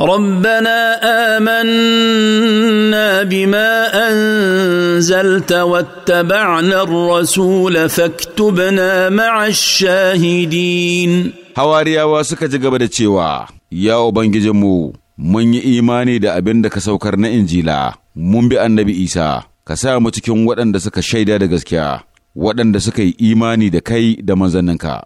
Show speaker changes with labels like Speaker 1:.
Speaker 1: ربنا امنا بما انزلت واتبعنا الرسول فاكتبنا مع الشاهدين
Speaker 2: hawariyawa suka ji gaba da cewa ya'o ubangijinmu mun yi imani da abin da ka saukar na injila mun bi annabi isa ka sa mu cikin waɗanda suka shaida da gaskiya waɗanda suka yi imani da kai da
Speaker 3: mazaninka.